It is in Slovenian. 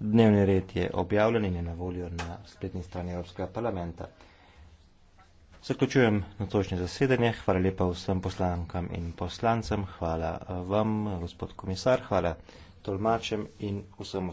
Dnevni red je objavljen in je na voljo na spletni strani Evropskega parlamenta. Zaključujem nocošnje zasedanje. Hvala lepa vsem poslankam in poslancem. Hvala eh, vam, gospod komisar. Hvala tolmačem in vsem.